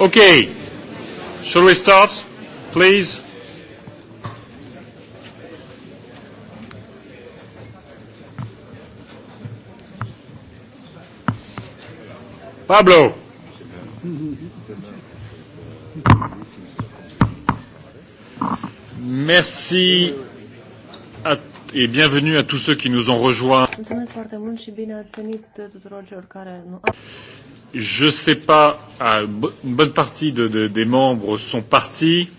Okay. Shall we start, please? Pablo. Merci à, et bienvenue à tous ceux qui nous ont rejoints. Je ne sais pas, ah, une bonne partie de, de, des membres sont partis,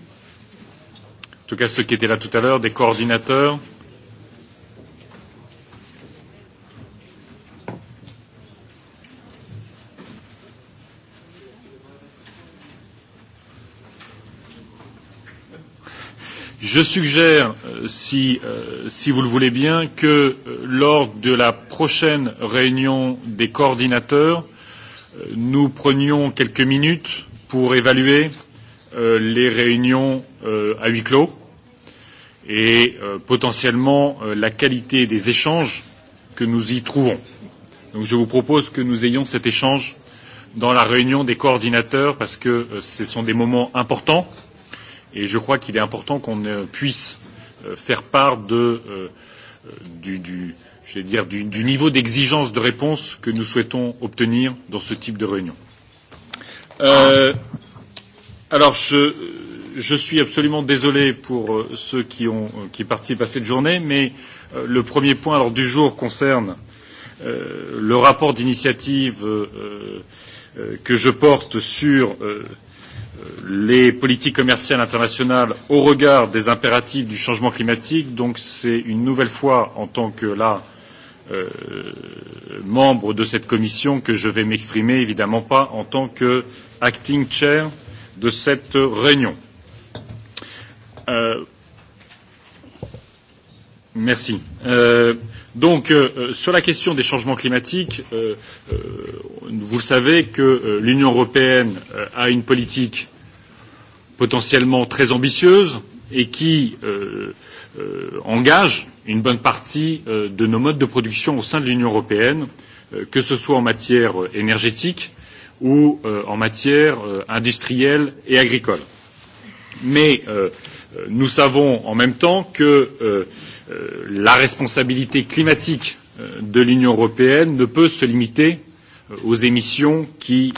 en tout cas ceux qui étaient là tout à l'heure, des coordinateurs. Je suggère, euh, si, euh, si vous le voulez bien, que euh, lors de la prochaine réunion des coordinateurs, euh, nous prenions quelques minutes pour évaluer euh, les réunions euh, à huis clos et euh, potentiellement euh, la qualité des échanges que nous y trouvons. Donc je vous propose que nous ayons cet échange dans la réunion des coordinateurs parce que euh, ce sont des moments importants et je crois qu'il est important qu'on euh, puisse euh, faire part de, euh, euh du, du, je dire, du, du niveau d'exigence de réponse que nous souhaitons obtenir dans ce type de réunion. Euh, alors, je, je suis absolument désolé pour euh, ceux qui, ont, euh, qui participent à cette journée, mais euh, le premier point alors, du jour concerne euh, le rapport d'initiative euh, euh, que je porte sur euh, les politiques commerciales internationales au regard des impératifs du changement climatique. Donc c'est une nouvelle fois en tant que là euh, Euh, membre de cette commission que je vais m'exprimer évidemment pas en tant que acting chair de cette réunion. Euh, merci. Euh, donc, euh, sur la question des changements climatiques, euh, euh, vous le savez que euh, l'Union européenne euh, a une politique potentiellement très ambitieuse et qui euh, euh, engage euh, une bonne partie euh, de nos modes de production au sein de l'Union européenne, euh, que ce soit en matière euh, énergétique ou en matière industrielle et agricole. Mais nous savons en même temps que la responsabilité climatique de l'Union européenne ne peut se limiter aux émissions qui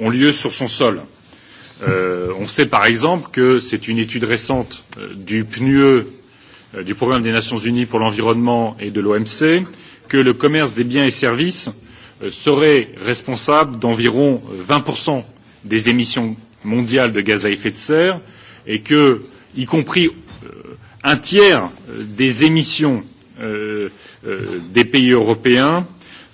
ont lieu sur son sol. Euh, on sait par exemple que c'est une étude récente euh, du PNUE Euh, du Programme des Nations Unies pour l'environnement et de l'OMC que le commerce des biens et services euh, serait responsable d'environ 20% euh, des émissions mondiales de gaz à effet de serre et que, y compris un tiers des émissions des pays européens,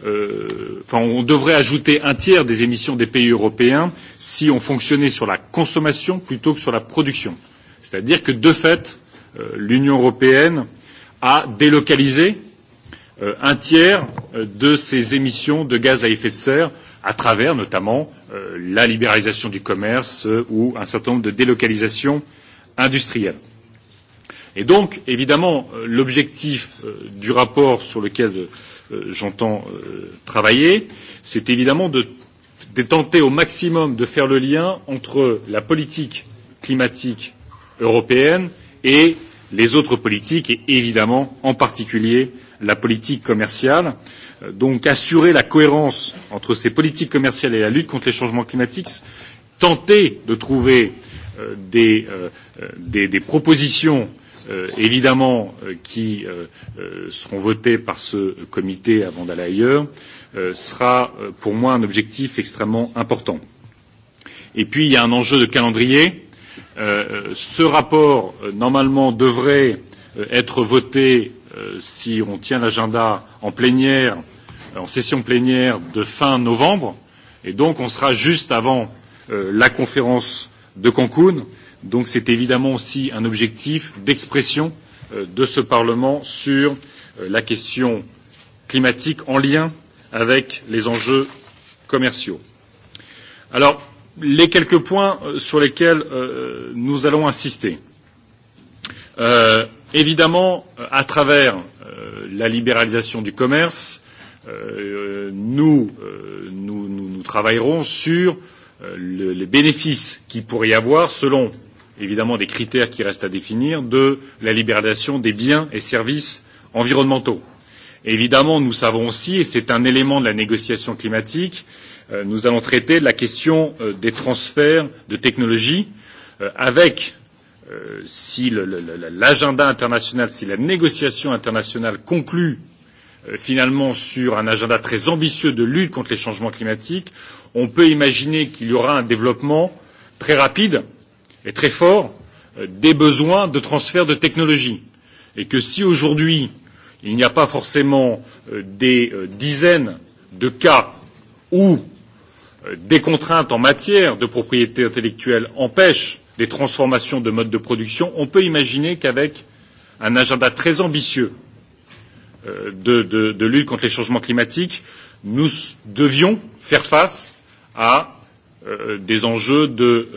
enfin on devrait ajouter un tiers des émissions des pays européens si on fonctionnait sur la consommation plutôt que sur la production. C'est-à-dire que de fait, Euh, l'Union européenne a délocalisé euh, un tiers euh, de ses émissions de gaz à effet de serre à travers notamment la libéralisation du commerce ou un certain nombre de délocalisations industrielles. Et donc, évidemment, l'objectif du rapport sur lequel j'entends travailler, c'est évidemment de, de tenter au maximum de faire le lien entre la politique climatique européenne et les autres politiques et évidemment en particulier la politique commerciale. Euh, donc assurer la cohérence entre ces politiques commerciales et la lutte contre les changements climatiques, tenter de trouver euh, des, euh, euh, des, des propositions euh, évidemment euh, qui euh, euh, seront votées par ce comité avant d'aller ailleurs euh, sera euh, pour moi un objectif extrêmement important. Et puis il y a un enjeu de calendrier euh, Euh, ce rapport, euh, normalement, devrait euh, être voté, euh, si on tient l'agenda, en plénière, en session plénière de fin novembre, et donc on sera juste avant euh, la conférence de Cancun. Donc c'est évidemment aussi un objectif d'expression euh, de ce Parlement sur euh, la question climatique en lien avec les enjeux commerciaux. Alors, les quelques points euh, sur lesquels euh, nous allons insister. Euh, évidemment, euh, à travers euh, la libéralisation du commerce, euh, nous, euh, nous, nous, nous travaillerons sur euh, le, les bénéfices qu'il pourrait y avoir selon évidemment des critères qui restent à définir de la libéralisation des biens et services environnementaux. Évidemment, nous savons aussi, et c'est un élément de la négociation climatique, euh, Euh, nous allons traiter la question euh, des transferts de technologies euh, avec si l'agenda international, si la négociation internationale conclut finalement sur un agenda très ambitieux de lutte contre les changements climatiques, on peut imaginer qu'il y aura un développement très rapide et très fort des besoins de transfert de technologies et que si aujourd'hui il n'y a pas forcément des dizaines de cas où des contraintes en matière de propriété intellectuelle empêchent des transformations de modes de production, on peut imaginer qu'avec un agenda très ambitieux euh, de, de, de lutte contre les changements climatiques, nous devions faire face à euh, des enjeux de,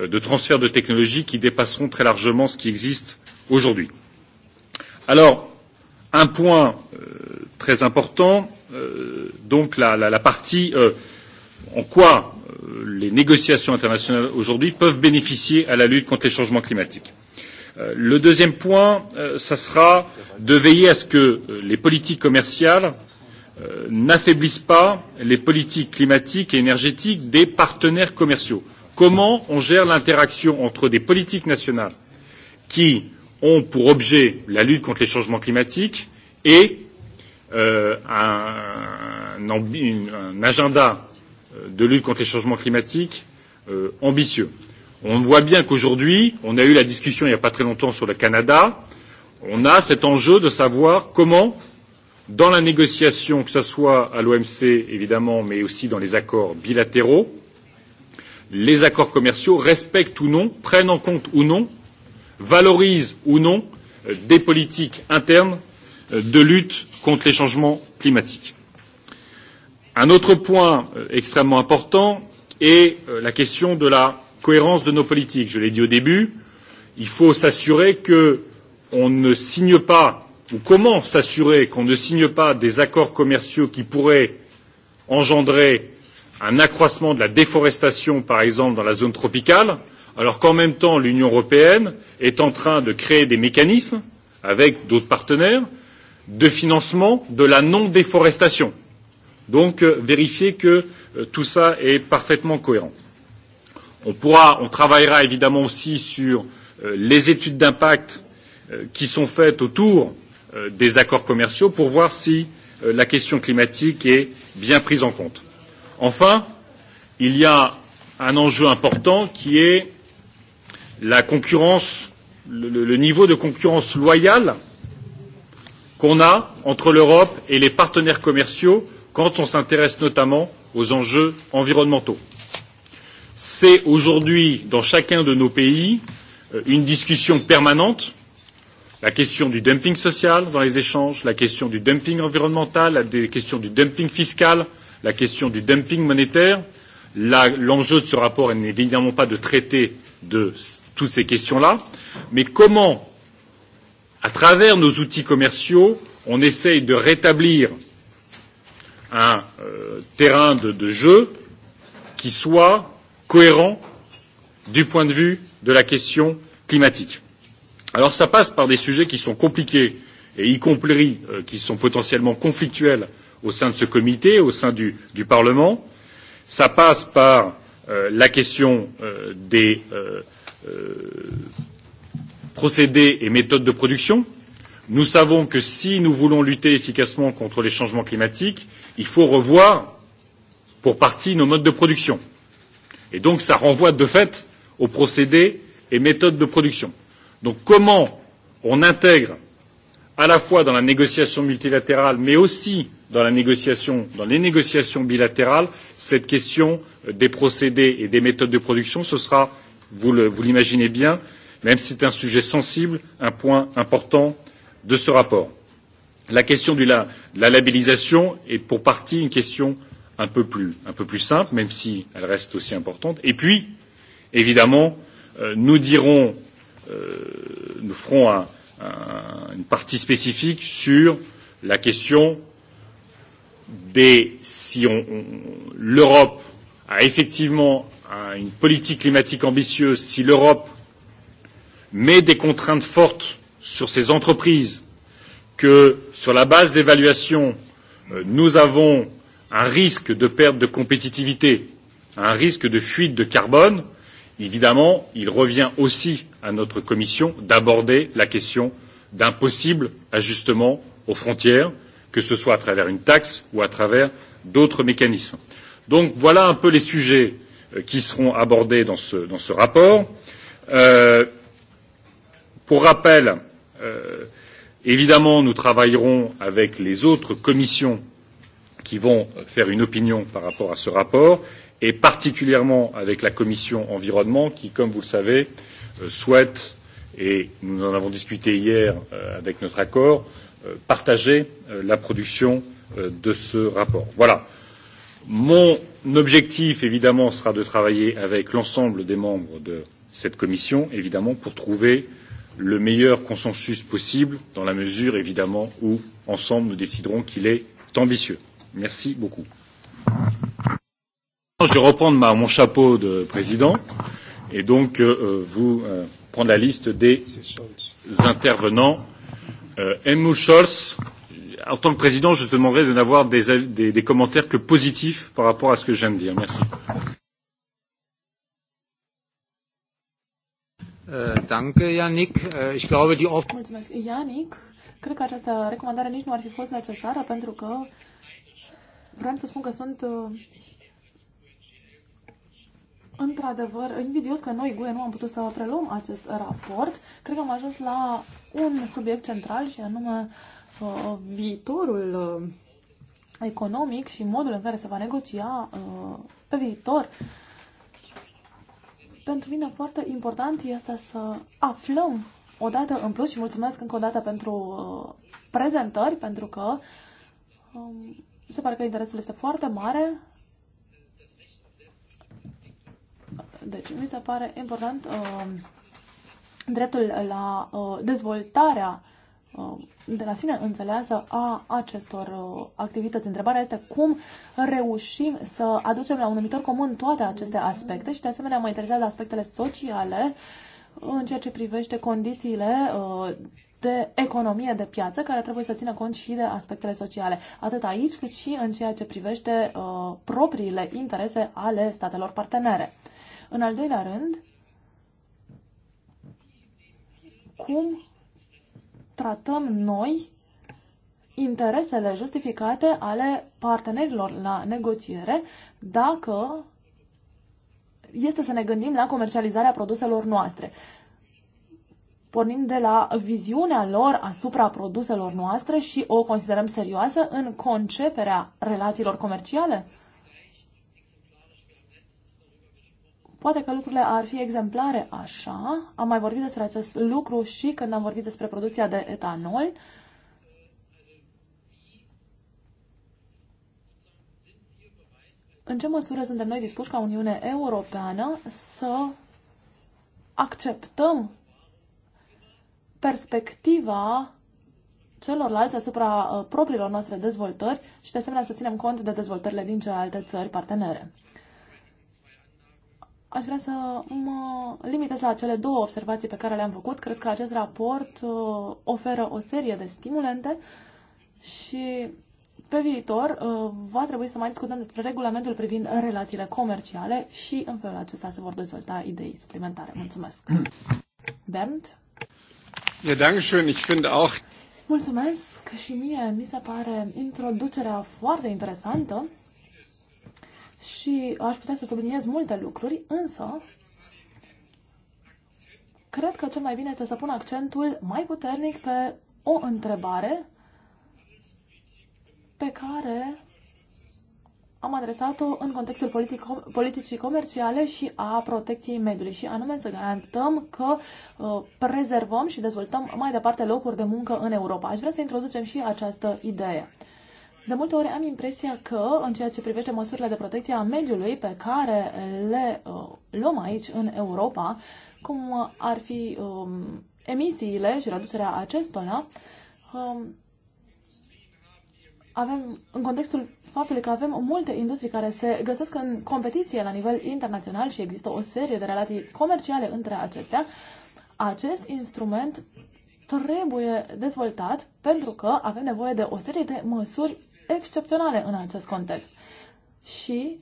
euh, de transfert de technologies qui dépasseront très largement ce qui existe aujourd'hui. Alors, un point euh, très important, euh, donc la, la, la partie euh, en quoi euh, les négociations internationales aujourd'hui peuvent bénéficier à la lutte contre les changements climatiques. Euh, le deuxième point, euh, ça sera de veiller à ce que les politiques commerciales n'affaiblissent pas les politiques climatiques et énergétiques des partenaires commerciaux. Comment on gère l'interaction entre des politiques nationales qui ont pour objet la lutte contre les changements climatiques et euh, un, un, un agenda de lutte contre les changements climatiques euh, ambitieux. On voit bien qu'aujourd'hui, on a eu la discussion il n'y a pas très longtemps sur le Canada, on a cet enjeu de savoir comment, dans la négociation, que ce soit à l'OMC évidemment, mais aussi dans les accords bilatéraux, les accords commerciaux respectent ou non, prennent en compte ou non, valorisent ou non euh, des politiques internes euh, de lutte contre les changements climatiques. Un autre point euh, extrêmement important est euh, la question de la cohérence de nos politiques. Je l'ai dit au début, il faut s'assurer que on ne signe pas ou comment s'assurer qu'on ne signe pas des accords commerciaux qui pourraient engendrer un accroissement de la déforestation, par exemple, dans la zone tropicale, alors qu'en même temps, l'Union européenne est en train de créer des mécanismes avec d'autres partenaires de financement de la non déforestation. Donc euh, vérifier que euh, tout ça est parfaitement cohérent. On pourra, on travaillera évidemment aussi sur euh, les études d'impact euh, qui sont faites autour euh, des accords commerciaux pour voir si euh, la question climatique est bien prise en compte. Enfin, il y a un enjeu important qui est la concurrence, le, le, le niveau de concurrence loyale qu'on a entre l'Europe et les partenaires commerciaux quand on s'intéresse notamment aux enjeux environnementaux. C'est aujourd'hui, dans chacun de nos pays, euh, une discussion permanente la question du dumping social dans les échanges, la question du dumping environnemental, la question du dumping fiscal, la question du dumping monétaire. L'enjeu de ce rapport n'est évidemment pas de traiter de toutes ces questions-là, mais comment, à travers nos outils commerciaux, on essaye de rétablir un euh, terrain de, de jeu qui soit cohérent du point de vue de la question climatique. Alors ça passe par des sujets qui sont compliqués et y compris euh, qui sont potentiellement conflictuels au sein de ce comité, au sein du, du Parlement. Ça passe par euh, la question euh, des euh, euh, procédés et méthodes de production, Nous savons que si nous voulons lutter efficacement contre les changements climatiques, il faut revoir pour partie nos modes de production. Et donc ça renvoie de fait aux procédés et méthodes de production. Donc comment on intègre à la fois dans la négociation multilatérale mais aussi dans, la négociation, dans les négociations bilatérales cette question des procédés et des méthodes de production, ce sera, vous l'imaginez bien, même si c'est un sujet sensible, un point important de ce rapport. La question de la, de la labellisation est pour partie une question un peu, plus, un peu plus simple, même si elle reste aussi importante. Et puis, évidemment, euh, nous dirons, euh, nous ferons un, un, une partie spécifique sur la question des si on, on l'Europe a effectivement un, une politique climatique ambitieuse, si l'Europe met des contraintes fortes sur ces entreprises que, sur la base d'évaluation, euh, nous avons un risque de perte de compétitivité, un risque de fuite de carbone, évidemment, il revient aussi à notre commission d'aborder la question d'un possible ajustement aux frontières, que ce soit à travers une taxe ou à travers d'autres mécanismes. Donc voilà un peu les sujets euh, qui seront abordés dans ce, dans ce rapport. Euh, pour rappel, euh, Euh, évidemment, nous travaillerons avec les autres commissions qui vont faire une opinion par rapport à ce rapport et particulièrement avec la commission environnement qui, comme vous le savez, euh, souhaite et nous en avons discuté hier euh, avec notre accord euh, partager euh, la production euh, de ce rapport. Voilà. Mon objectif, évidemment, sera de travailler avec l'ensemble des membres de cette commission, évidemment, pour trouver euh, le meilleur consensus possible, dans la mesure, évidemment, où, ensemble, nous déciderons qu'il est ambitieux. Merci beaucoup. Je vais reprendre ma, mon chapeau de président et donc euh, vous euh, prendre la liste des intervenants. Euh, Helmut Scholz, en tant que président, je te demanderai de n'avoir des, des, des commentaires que positifs par rapport à ce que je viens de dire. Merci. Äh, danke, Yannick. Äh, ich glaube, die off- Mulțumesc, Yannick. Cred că această recomandare nici nu ar fi fost necesară pentru că vreau să spun că sunt uh, într-adevăr invidios că noi, GUE, nu am putut să preluăm acest raport. Cred că am ajuns la un subiect central și anume uh, viitorul uh, economic și modul în care se va negocia pe viitor Pentru mine foarte important este să aflăm o dată în plus și mulțumesc încă o dată pentru uh, prezentări, pentru că um, se pare că interesul este foarte mare. Deci, mi se pare important uh, dreptul la uh, dezvoltarea uh, de la sine înțeleasă a acestor uh, activități. Întrebarea este cum reușim să aducem la un numitor comun toate aceste aspecte și de asemenea mă interesează aspectele sociale în ceea ce privește condițiile uh, de economie de piață care trebuie să țină cont și de aspectele sociale, atât aici cât și în ceea ce privește uh, propriile interese ale statelor partenere. În al doilea rând, cum tratăm noi interesele justificate ale partenerilor la negociere dacă este să ne gândim la comercializarea produselor noastre. Pornim de la viziunea lor asupra produselor noastre și o considerăm serioasă în conceperea relațiilor comerciale? Poate că lucrurile ar fi exemplare așa. Am mai vorbit despre acest lucru și când am vorbit despre producția de etanol. În ce măsură suntem noi dispuși ca Uniune Europeană să acceptăm perspectiva celorlalți asupra uh, propriilor noastre dezvoltări și de asemenea să ținem cont de dezvoltările din celelalte țări partenere. Aș vrea să mă limitez la cele două observații pe care le-am făcut. Cred că acest raport uh, oferă o serie de stimulente și pe viitor uh, va trebui să mai discutăm despre regulamentul privind relațiile comerciale și în felul acesta se vor dezvolta idei suplimentare. Mulțumesc! Bernd? Ja, danke schön. Ich finde auch... Mulțumesc și mie mi se pare introducerea foarte interesantă și aș putea să subliniez multe lucruri, însă cred că cel mai bine este să pun accentul mai puternic pe o întrebare pe care am adresat-o în contextul politic, politicii comerciale și a protecției mediului și anume să garantăm că uh, prezervăm și dezvoltăm mai departe locuri de muncă în Europa. Aș vrea să introducem și această idee. De multe ori am impresia că, în ceea ce privește măsurile de protecție a mediului pe care uh, le uh, luăm aici, în Europa, cum uh, ar fi um, emisiile și reducerea acestora, um, avem, în contextul faptului că avem multe industrii care se găsesc în competiție la nivel internațional și există o serie de relații comerciale între acestea, acest instrument trebuie dezvoltat pentru că avem nevoie de o serie de măsuri excepționale în acest context. Și,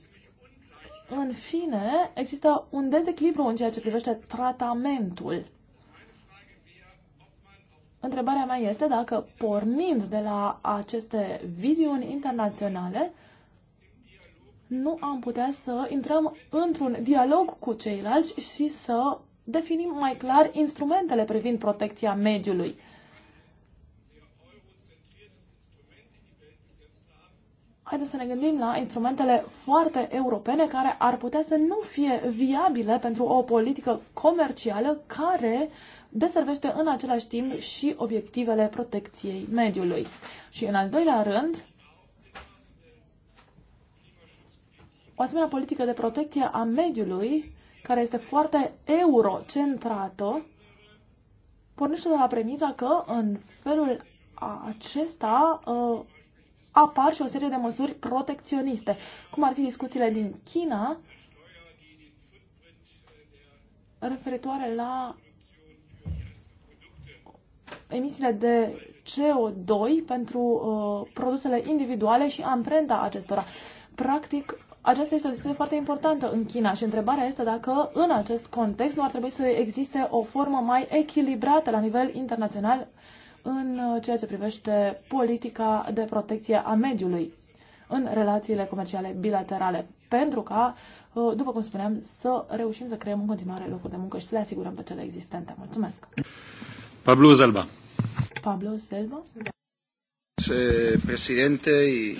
în fine, există un dezechilibru în ceea ce privește tratamentul. Întrebarea mea este dacă, pornind de la aceste viziuni internaționale, nu am putea să intrăm într-un dialog cu ceilalți și să definim mai clar instrumentele privind protecția mediului. haideți să ne gândim la instrumentele foarte europene care ar putea să nu fie viabile pentru o politică comercială care deservește în același timp și obiectivele protecției mediului. Și în al doilea rând, o asemenea politică de protecție a mediului, care este foarte eurocentrată, pornește de la premiza că în felul acesta uh, apar și o serie de măsuri protecționiste, cum ar fi discuțiile din China referitoare la emisiile de CO2 pentru uh, produsele individuale și amprenta acestora. Practic, aceasta este o discuție foarte importantă în China și întrebarea este dacă în acest context nu ar trebui să existe o formă mai echilibrată la nivel internațional uh, în uh, ceea ce privește politica de protecție a mediului în relațiile comerciale bilaterale, pentru ca, uh, după cum spuneam, să reușim să creăm în continuare locuri de muncă și să le asigurăm pe cele existente. Mulțumesc! Pablo Zelba. Pablo Zelba. Eh, presidente, y,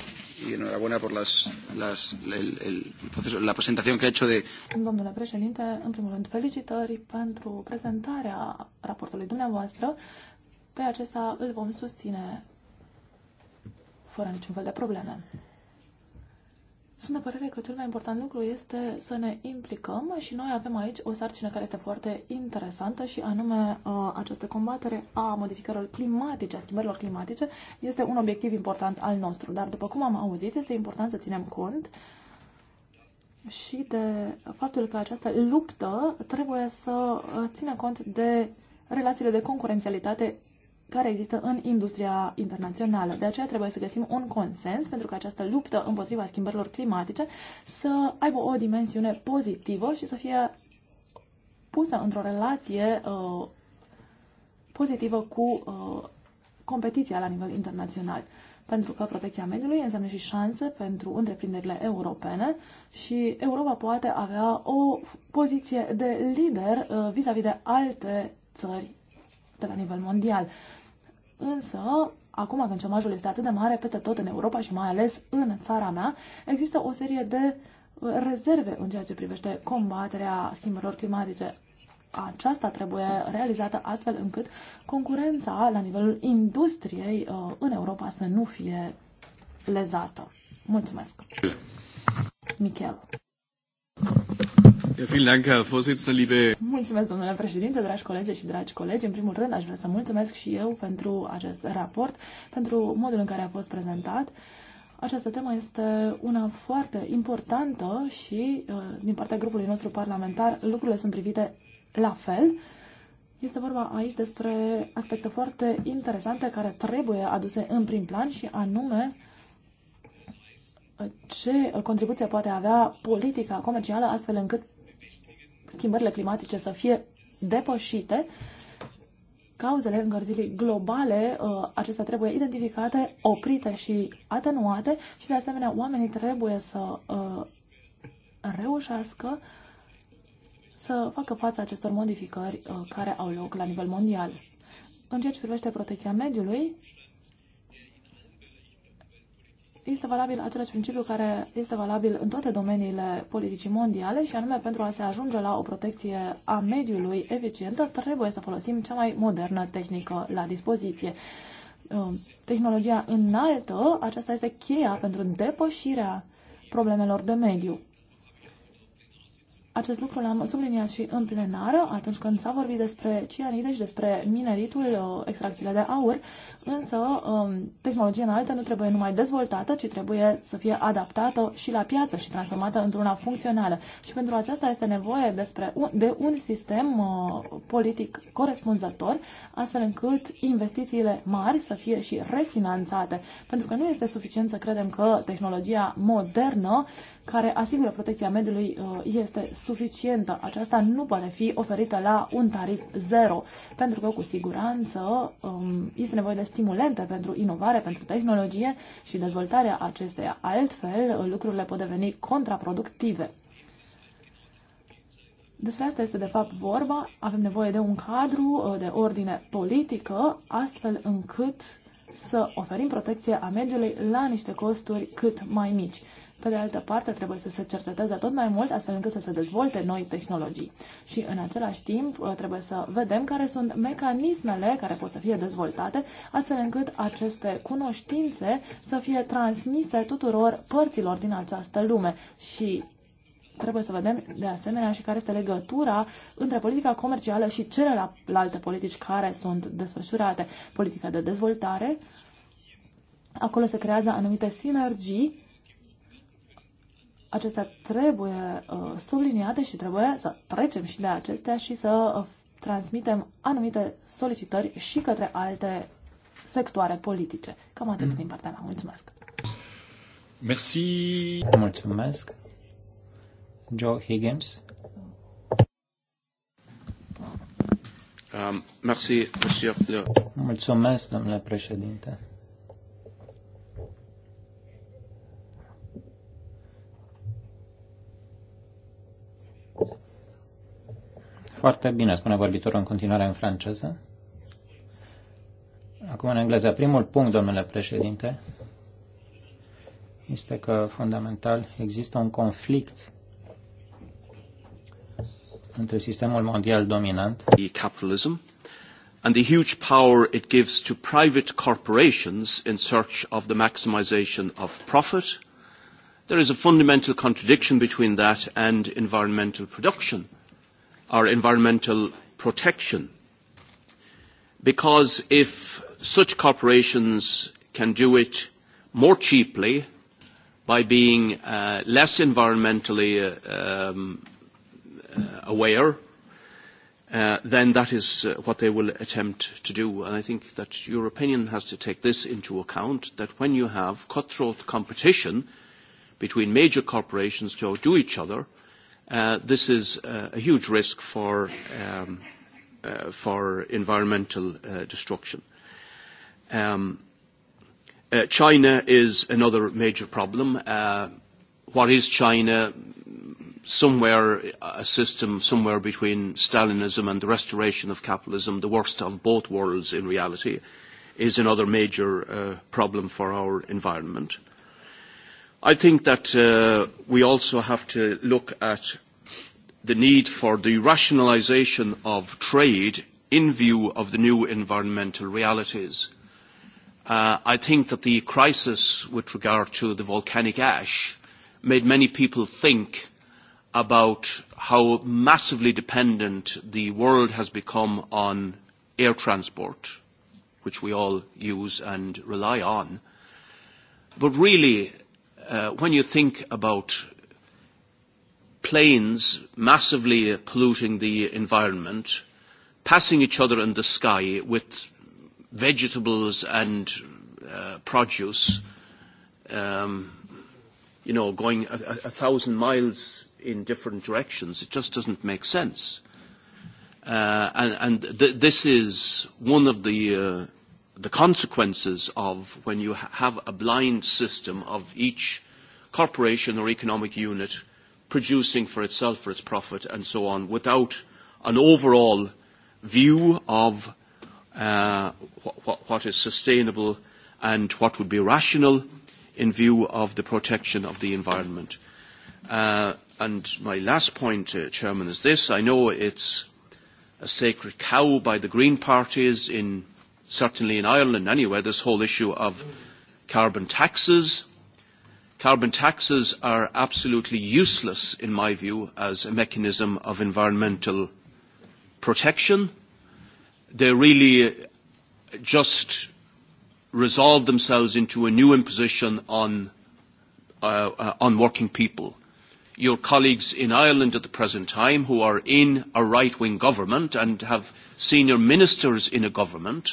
y enhorabuena por las, las, el, el proceso, la presentación que ha hecho de... Domnule președinte, în primul rând felicitări pentru prezentarea raportului dumneavoastră Pe acesta îl vom susține fără niciun fel de probleme. Sunt de părere că cel mai important lucru este să ne implicăm și noi avem aici o sarcină care este foarte interesantă și anume uh, această combatere a modificărilor climatice, a schimbărilor climatice, este un obiectiv important al nostru. Dar după cum am auzit, este important să ținem cont și de faptul că această luptă trebuie să uh, țină cont de relațiile de concurențialitate care există în industria internațională. De aceea trebuie să găsim un consens pentru că această luptă împotriva schimbărilor climatice să aibă o dimensiune pozitivă și să fie pusă într-o relație uh, pozitivă cu uh, competiția la nivel internațional. Pentru că protecția mediului înseamnă și șanse pentru întreprinderile europene și Europa poate avea o poziție de lider uh, vis-a-vis uh, -vis de alte țări de la nivel mondial. Însă, acum când șomajul este atât de mare peste tot în Europa și mai ales în țara mea, există o serie de uh, rezerve în ceea ce privește combaterea schimbărilor climatice. Aceasta trebuie realizată astfel încât concurența la nivelul industriei uh, în Europa să nu fie lezată. Mulțumesc! Michel. Ja, vielen Dank, Herr Vorsitzender, liebe Mulțumesc, domnule președinte, dragi colegi și dragi colegi. În primul rând, aș vrea să mulțumesc și eu pentru acest raport, pentru modul în care a fost prezentat. Această temă este una foarte importantă și, uh, din partea grupului nostru parlamentar, lucrurile sunt privite la fel. Este vorba aici despre aspecte foarte interesante care trebuie aduse în prim plan și anume uh, ce contribuție poate avea politica comercială astfel încât schimbările climatice să fie depășite, cauzele încălzirii globale, uh, acestea trebuie identificate, oprite și atenuate și, de asemenea, oamenii trebuie să uh, reușească să facă față acestor modificări uh, care au loc la nivel mondial. În ceea ce privește protecția mediului, este valabil același principiu care este valabil în toate domeniile politicii mondiale și anume pentru a se ajunge la o protecție a mediului eficientă trebuie să folosim cea mai modernă tehnică la dispoziție. Um, tehnologia înaltă, aceasta este cheia pentru depășirea problemelor de mediu. Acest lucru l-am subliniat și în plenară atunci când s-a vorbit despre cianide și despre mineritul, uh, extracțiile de aur, însă um, tehnologia înaltă nu trebuie numai dezvoltată, ci trebuie să fie adaptată și la piață și transformată într-una funcțională. Și pentru aceasta este nevoie despre un, de un sistem uh, politic corespunzător, astfel încât investițiile mari să fie și refinanțate. Pentru că nu este suficient să credem că tehnologia modernă care asigură protecția mediului uh, este suficientă. Aceasta nu poate fi oferită la un tarif zero, pentru că cu siguranță um, este nevoie de stimulente pentru inovare, pentru tehnologie și dezvoltarea acesteia. Altfel, lucrurile pot deveni contraproductive. Despre asta este de fapt vorba. Avem nevoie de un cadru uh, de ordine politică, astfel încât să oferim protecție a mediului la niște costuri cât mai mici. Pe de altă parte, trebuie să se cerceteze tot mai mult astfel încât să se dezvolte noi tehnologii. Și în același timp uh, trebuie să vedem care sunt mecanismele care pot să fie dezvoltate astfel încât aceste cunoștințe să fie transmise tuturor părților din această lume și trebuie să vedem de asemenea și care este legătura între politica comercială și celelalte politici care sunt desfășurate. Politica de dezvoltare, acolo se creează anumite sinergii acestea trebuie uh, subliniate și trebuie să trecem și de acestea și să uh, transmitem anumite solicitări și către alte sectoare politice. Cam atât mm. din partea mea. Mulțumesc! Merci! Mulțumesc! Joe Higgins. Um, merci, monsieur. Mulțumesc, domnule președinte. Foarte bine, spune vorbitorul în continuare în franceză. Acum în engleză. Primul punct, domnule președinte, este că fundamental există un conflict între sistemul mondial dominant capitalism and the huge power it gives to private corporations in search of the maximization of profit. There is a fundamental contradiction between that and environmental production our environmental protection. Because if such corporations can do it more cheaply by being uh, less environmentally uh, um, uh, aware, uh, then that is uh, what they will attempt to do. And I think that your opinion has to take this into account, that when you have cutthroat competition between major corporations to outdo each other, Uh, this is uh, a huge risk for, um, uh, environmental destruction. Um, China is another major problem. What is China? Somewhere a system somewhere between Stalinism and the restoration of capitalism, the worst of both worlds in reality, is another major problem for our environment. I think that uh, we also have to look at the need for the rationalisation of trade in view of the new environmental realities. Uh, I think that the crisis with regard to the volcanic ash made many people think about how massively dependent the world has become on air transport, which we all use and rely on. But really, uh, when you think about planes massively polluting the environment, passing each other in the sky with vegetables and uh, produce, um, you know, going a, a, a thousand miles in different directions. It just doesn't make sense. Uh, and and th- this is one of the uh, the consequences of when you ha have a blind system of each corporation or economic unit producing for itself, for its profit, and so on, without an overall view of uh, wh what is sustainable and what would be rational in view of the protection of the environment. Uh, and my last point, uh, Chairman, is this. I know it's a sacred cow by the Green parties in certainly in Ireland anyway, this whole issue of carbon taxes. Carbon taxes are absolutely useless, in my view, as a mechanism of environmental protection. They really uh, just resolve themselves into a new imposition on, uh, uh, on working people. Your colleagues in Ireland at the present time who are in a right-wing government and have senior ministers in a government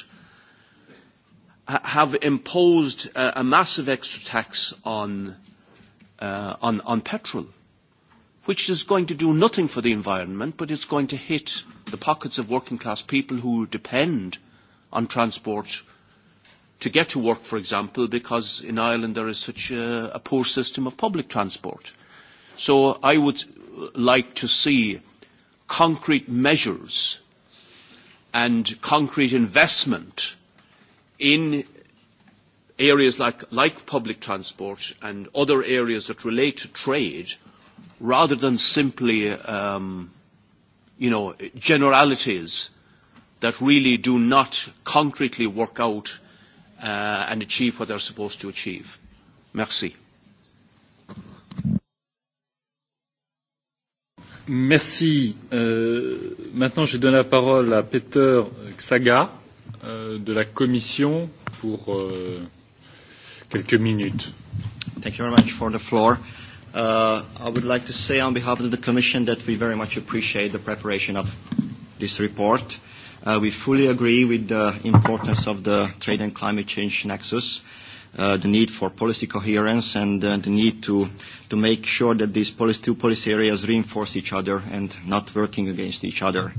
have imposed a, a massive extra tax on, uh, on, on petrol, which is going to do nothing for the environment, but it's going to hit the pockets of working class people who depend on transport to get to work, for example, because in Ireland there is such a, a poor system of public transport. So I would like to see concrete measures and concrete investment in areas like, like public transport and other areas that relate to trade rather than simply um, you know, generalities that really do not concretely work out uh, and achieve what they're supposed to achieve. Merci. Merci. Euh, maintenant, je donne la parole à Peter Xaga Euh, de la Commission pour euh, quelques minutes. Thank you very much for the floor. Uh, I would like to say on behalf of the Commission that we very much appreciate the preparation of this report. Uh, we fully agree with the importance of the trade and climate change nexus, uh, the need for policy coherence, and uh, the need to, to make sure that these policy, two policy areas reinforce each other and not working against each other.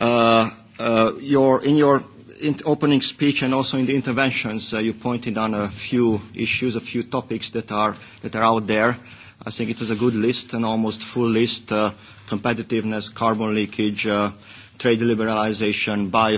Uh, uh, your, in your in opening speech and also in the interventions, uh, you pointed on a few issues, a few topics that are, that are out there. I think it was a good list, an almost full list, uh, competitiveness, carbon leakage, uh, trade liberalization, bio